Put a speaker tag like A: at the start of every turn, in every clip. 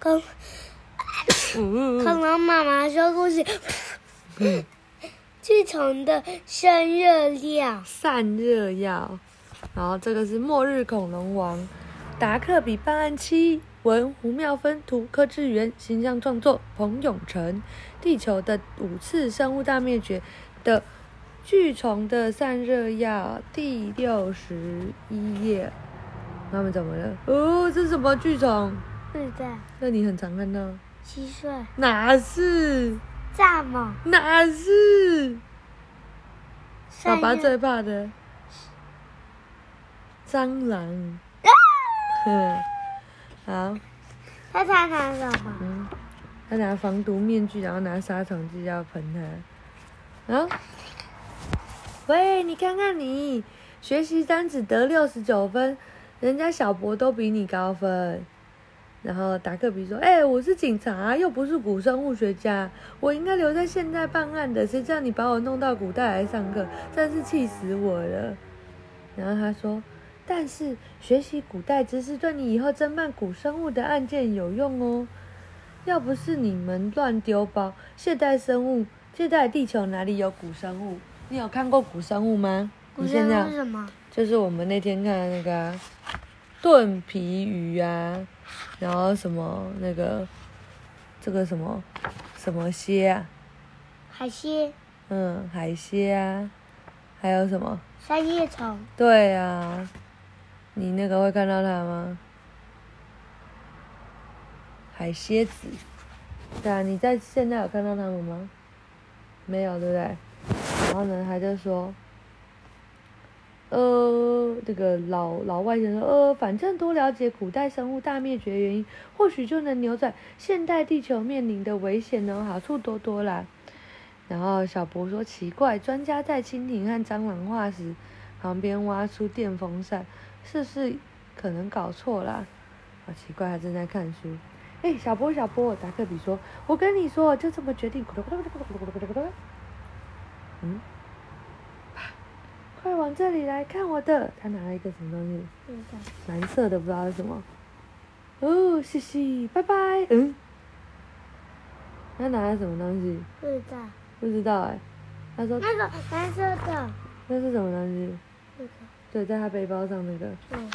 A: 恐恐龍媽媽說故事，嗯、巨蟲的散熱量，散熱藥。然後這個是末日恐龍王，達克比辦案七，文胡妙芬，圖柯智元，形象創作彭永成。地球的五次生物大滅絕的巨蟲的散熱藥第六十一頁。媽媽怎麼了？哦，是什麼巨蟲？是的，那你很常看到蟋蟀歲哪是？蚱蜢蟒？哪是？月爸爸最怕的蟑螂。啊、好。他在幹什麼、嗯？他拿防毒面具，然後拿殺蟲劑要噴他。啊、嗯！喂，你看看你，學習單只得六十九分，人家小博都比你高分。然後達克比說：“誒、欸、我是警察，又不是古生物學家，我應該留在現在辦案的。誰叫你把我弄到古代來上課，真是氣死我了。”然後他說：“但是學習古代知識對你以後偵辦古生物的案件有用哦。要不是你們亂丟包，現代生物、現代地球哪裡有古生物？你有看過古生物嗎？你現在古生物是什麼？就是我們那天看的那個盾皮魚啊。”然後什麼那個，這個什麼，什麼蠍啊？海蠍。嗯，海蠍啊，還有什麼？三葉蟲。對啊，你那個會看到它嗎？海蠍子，對啊，你在現在有看到它們嗎？沒有，對不對？然後呢，他就說。呃，那個老老外人說，呃，反正多了解古代生物大滅絕原因，或許就能扭轉現代地球面臨的危險呢，好處多多啦。然後小波說奇怪，專家在蜻蜓和蟑螂化石旁邊挖出電風扇，是不是可能搞錯啦？好奇怪，他正在看書。哎，小波小波，達克比說，我跟你說，就這麼決定，咕嚕咕嚕咕嚕咕嚕咕嚕咕嚕咕嚕咕嚕。嗯。往這裡來看我的，他拿了一個什麼東西？嗯、的藍色的不知道是什麼。哦，嘻嘻，拜拜。嗯。他拿了什麼東西？嗯、的不知道。不知道哎。他說。那個藍色的。那是什麼東西？嗯、的對，在他背包上那個。嗯。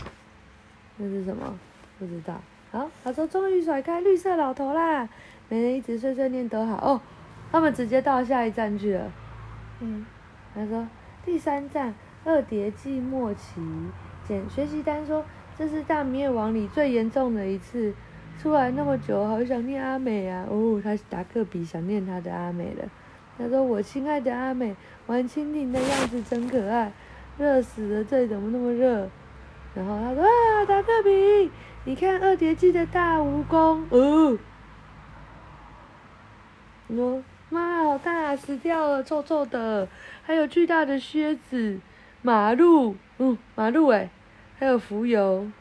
A: 那是什麼？不知道。好，他說終於甩開綠色老頭啦！每人一直碎碎念都好哦。他們直接到下一站去了。嗯。他說第三站。二疊紀末期，簡學習單說這是大滅亡裡最嚴重的一次。出來那麼久，好想念阿美啊！哦，他是達克比，想念他的阿美了。他說：“我親愛的阿美，玩蜻蜓的樣子真可愛。”熱死了，這裡怎麼那麼熱？然後他說：“啊，達克比，你看二疊紀的大蜈蚣。哦，我說，媽，好大，死掉了，臭臭的，還有巨大的靴子。”馬陸，嗯，馬陸誒、欸、還有蜉蝣，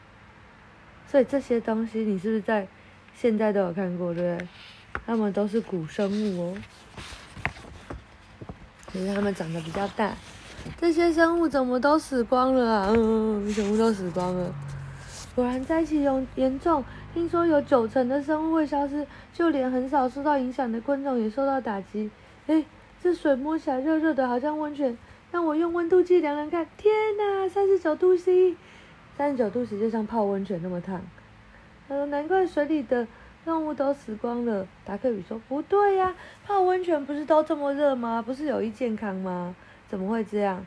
A: 所以這些東西你是不是在現在都有看過，對不對？他們都是古生物哦、喔，其實他們長得比較大。這些生物怎麼都死光了啊？嗯，嗯，全部都死光了。果然災情嚴嚴重，聽說有九成的生物會消失，就連很少受到影響的昆蟲也受到打擊。誒、欸、這水摸起來熱熱的，好像溫泉。讓我用溫度計量量看，天吶，三十九度 C，三十九度 C 就像泡溫泉那麼燙，說、呃、難怪水裡的動物都死光了。達克比說：“不對呀、啊，泡溫泉不是都這麼熱嗎？不是有益健康嗎？怎麼會這樣？”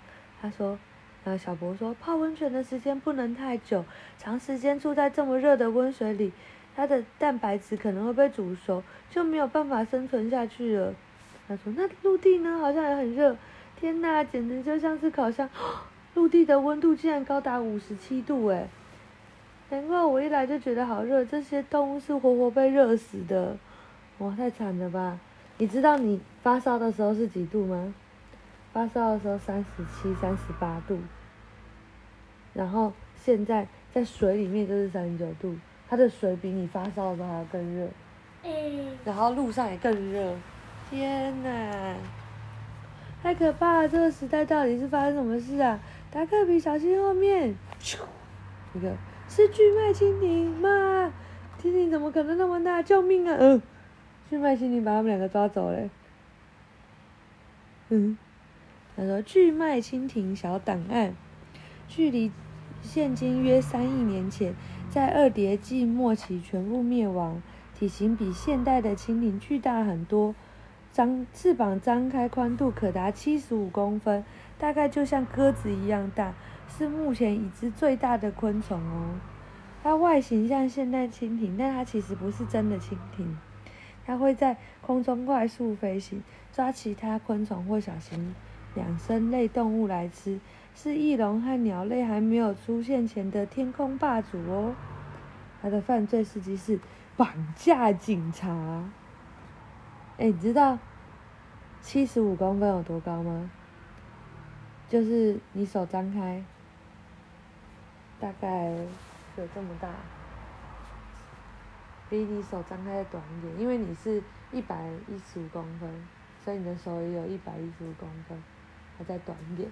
A: 他說。那小博說：“泡溫泉的時間不能太久，長時間住在這麼熱的溫水裡，它的蛋白質可能會被煮熟，就沒有辦法生存下去了。”他說：“那陸地呢？好像也很熱。”天吶，簡直就像是烤箱！哦、陸地的溫度竟然高達五十七度誒、欸，難怪我一來就覺得好熱。這些動物是活活被熱死的，哇，太慘了吧！你知道你發燒的時候是幾度嗎？發燒的時候三十七、三十八度，然後現在在水裡面就是三十九度，它的水比你發燒的時候還要更熱。哎。然後路上也更熱，天吶！太可怕了！這個時代到底是發生什麼事啊？達克比，小心後面！這一個是巨脈蜻蜓嗎？蜻蜓怎麼可能那麼大？救命啊！嗯、呃，巨脈蜻蜓把他們兩個抓走了。嗯，他說巨脈蜻蜓小檔案，距離現今約三億年前，在二疊紀末期全部滅亡。體型比現代的蜻蜓巨大很多。張翅膀，張開寬度可達七十五公分，大概就像鴿子一樣大，是目前已知最大的昆蟲哦。它外形像現代蜻蜓，但它其實不是真的蜻蜓。它會在空中快速飛行，抓其他昆蟲或小型兩生類動物來吃，是翼龍和鳥類還沒有出現前的天空霸主哦。它的犯罪事跡是綁架警察。哎、欸，你知道，七十五公分有多高嗎？就是你手張開，大概有這麼大。比你手張開再短一點，因為你是一百一十五公分，所以你的手也有一百一十五公分，再短一點，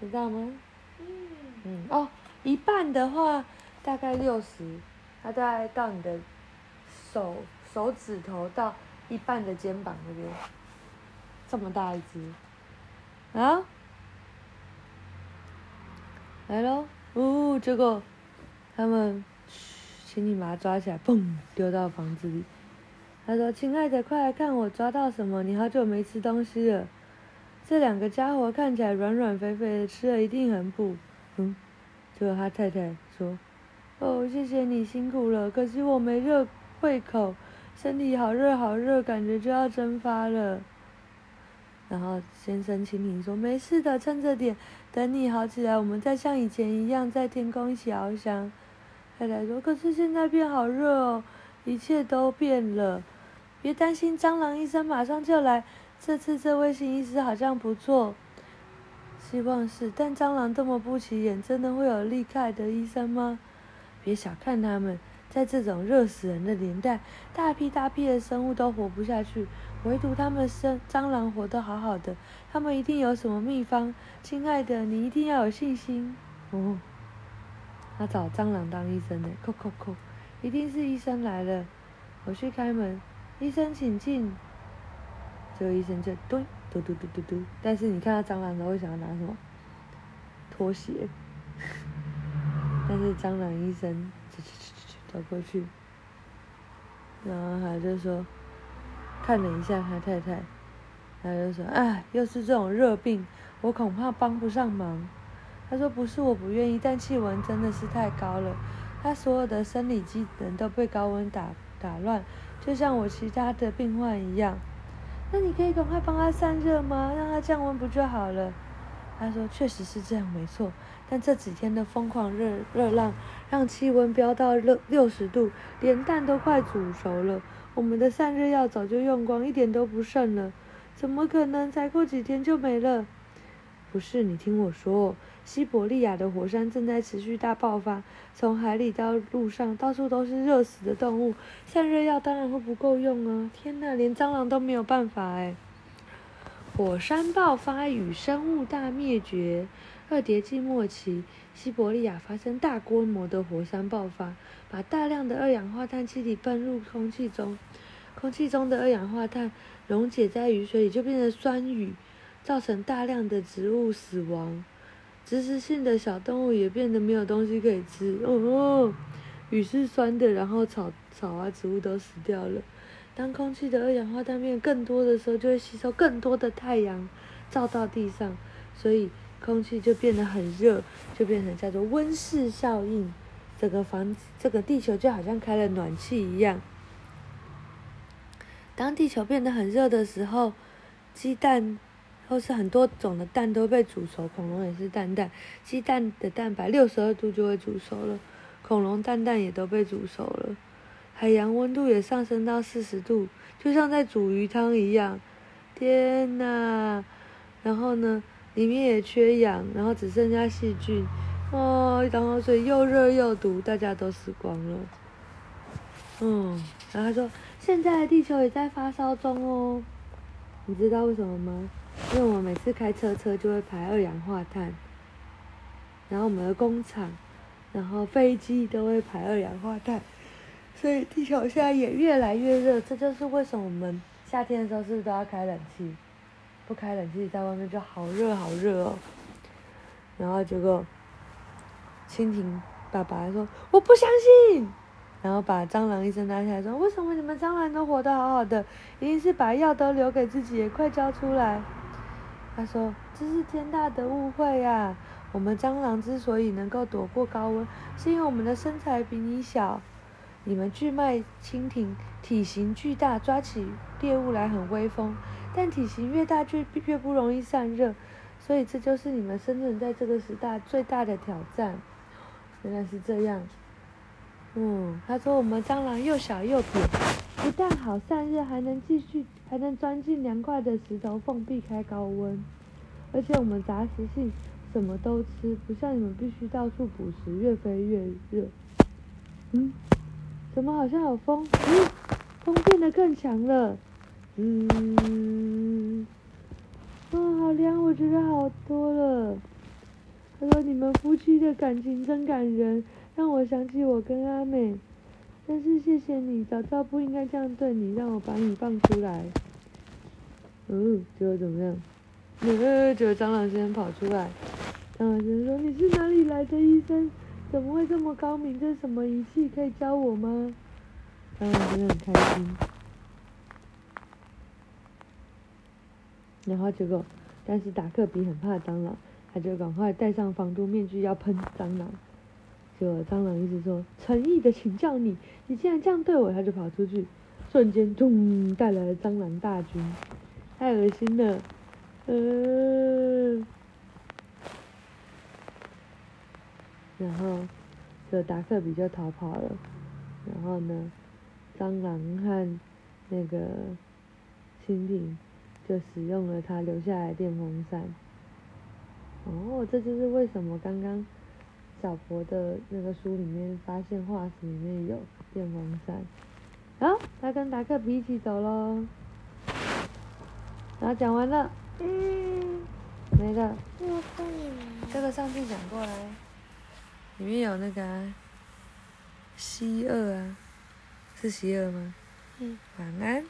A: 知道嗎？嗯。嗯，哦，一半的話大概六十，它大概到你的手手指頭到。一半的肩膀那邊，這麼大一隻，啊？來嘍，哦，結果，他們，噓，請你把它抓起來，嘣，丟到房子裡。他說：“親愛的，快來看我抓到什麼？你好久沒吃東西了。這兩個家伙看起來軟軟肥肥的，吃了一定很補。”嗯，就他太太說：“哦，謝謝你辛苦了，可惜我沒熱胃口。”身體好熱好熱，感覺就要蒸發了。然後先生蜻蜓說：“沒事的，撐着點，等你好起來，我們再像以前一樣在天空一起翱翔。”太太說：“可是現在變好熱哦，一切都變了。”別擔心，蟑螂醫生馬上就來。這次這位新醫師好像不錯，希望是。但蟑螂這麼不起眼，真的會有厲害的醫生嗎？別小看他們。在這種熱死人的年代，大批大批的生物都活不下去，唯獨他們生蟑螂活得好好的，他們一定有什麼秘方。親愛的，你一定要有信心哦。他找蟑螂當醫生的。叩叩，一定是醫生來了，我去開門。醫生請進。就醫生就嘟嘟，嘟嘟嘟嘟嘟，但是你看到蟑螂的時候，想要拿什麼？拖鞋？但是蟑螂醫生，嘖嘖嘖嘖走過去，然後他就說，看了一下他太太，他就說：“唉，又是這種熱病，我恐怕幫不上忙。”他說：“不是我不願意，但氣溫真的是太高了。他所有的生理機能都被高溫打打亂，就像我其他的病患一樣。那你可以趕快幫他散熱嗎？讓他降溫不就好了？”他說：“確實是這樣，沒錯。”但這幾天的瘋狂熱熱浪，讓氣溫飆到六十度，連蛋都快煮熟了。我們的散熱藥早就用光，一點都不剩了，怎麼可能才過幾天就沒了？不是，你聽我說，西伯利亞的火山正在持續大爆發，從海裡到路上，到處都是熱死的動物，散熱藥當然會不夠用啊！天哪，連蟑螂都沒有辦法、欸。火山爆發與生物大滅絕。二疊紀末期，西伯利亞發生大規模的火山爆發，把大量的二氧化碳氣體噴入空氣中。空氣中的二氧化碳溶解在雨水裡，就變成酸雨，造成大量的植物死亡。植食性的小動物也變得沒有東西可以吃。哦哦雨是酸的，然後草草啊、植物都死掉了。當空氣的二氧化碳變更多的時候，就會吸收更多的太陽照到地上，所以空氣就變得很熱，就變成叫做溫室效應。整個房子、這個地球就好像開了暖氣一樣。當地球變得很熱的時候，雞蛋或是很多種的蛋都被煮熟，恐龍也是蛋蛋。雞蛋的蛋白六十二度就會煮熟了。恐龍蛋蛋也都被煮熟了，海洋溫度也上升到四十度，就像在煮魚湯一樣，天哪！然後呢，裡面也缺氧，然後只剩下細菌，哦，然後所以又熱又毒，大家都死光了。嗯，然後他說，現在的地球也在發燒中哦，你知道為什麼嗎？因為我們每次開車車就會排二氧化碳，然後我們的工廠。然後飛機都會排二氧化碳，所以地球現在也越來越熱。這就是為什麼我們夏天的時候是不是都要開冷氣？不開冷氣在外面就好熱好熱哦。然後結果，蜻蜓爸爸說我不相信。然後把蟑螂醫生拉下來說：為什麼你們蟑螂都活得好好的？一定是把藥都留給自己，也快交出來。他說這是天大的誤會呀、啊。我們蟑螂之所以能夠躲過高溫，是因為我們的身材比你小。你們巨脈蜻蜓體型巨大，抓起獵物來很威風，但體型越大就越，越不容易散熱，所以這就是你們生存在這個時代最大的挑戰。原來是這樣，嗯，他說我們蟑螂又小又扁，不但好散熱，還能繼續還能鑽進涼快的石頭縫避開高溫，而且我們雜食性，什麼都吃，不像你們必須到處捕食，越飛越熱。嗯，怎麼好像有風？嗯，風變得更強了。嗯，啊、哦，好涼，我覺得好多了。他說：“你們夫妻的感情真感人，讓我想起我跟阿美。”但是謝謝你，早知道不應該這樣對你，讓我把你放出來。嗯，結果怎麼樣？結果蟑螂先跑出來。嗯、啊，就是、說你是哪裡來的醫生？怎麼會這麼高明？這什麼儀器可以教我嗎？嗯，真的很開心。然後結果，但是達克比很怕蟑螂，他就趕快戴上防毒面具要噴蟑螂。結果蟑螂一直說，誠意的請教你，你竟然這樣對我，他就跑出去，瞬間咚帶來了蟑螂大軍，太噁心了，嗯、呃。然後，就達克比就逃跑了。然後呢，蟑螂和那個蜻蜓就使用了他留下來的電風扇。哦，這就是為什麼剛剛小博的那個書裡面發現化石裡面有電風扇。啊，他跟達克比一起走咯，然後、啊、講完了。嗯，沒了。這個上次講過了。裡面有那個，啊，西二啊，是西二嗎？嗯，晚安。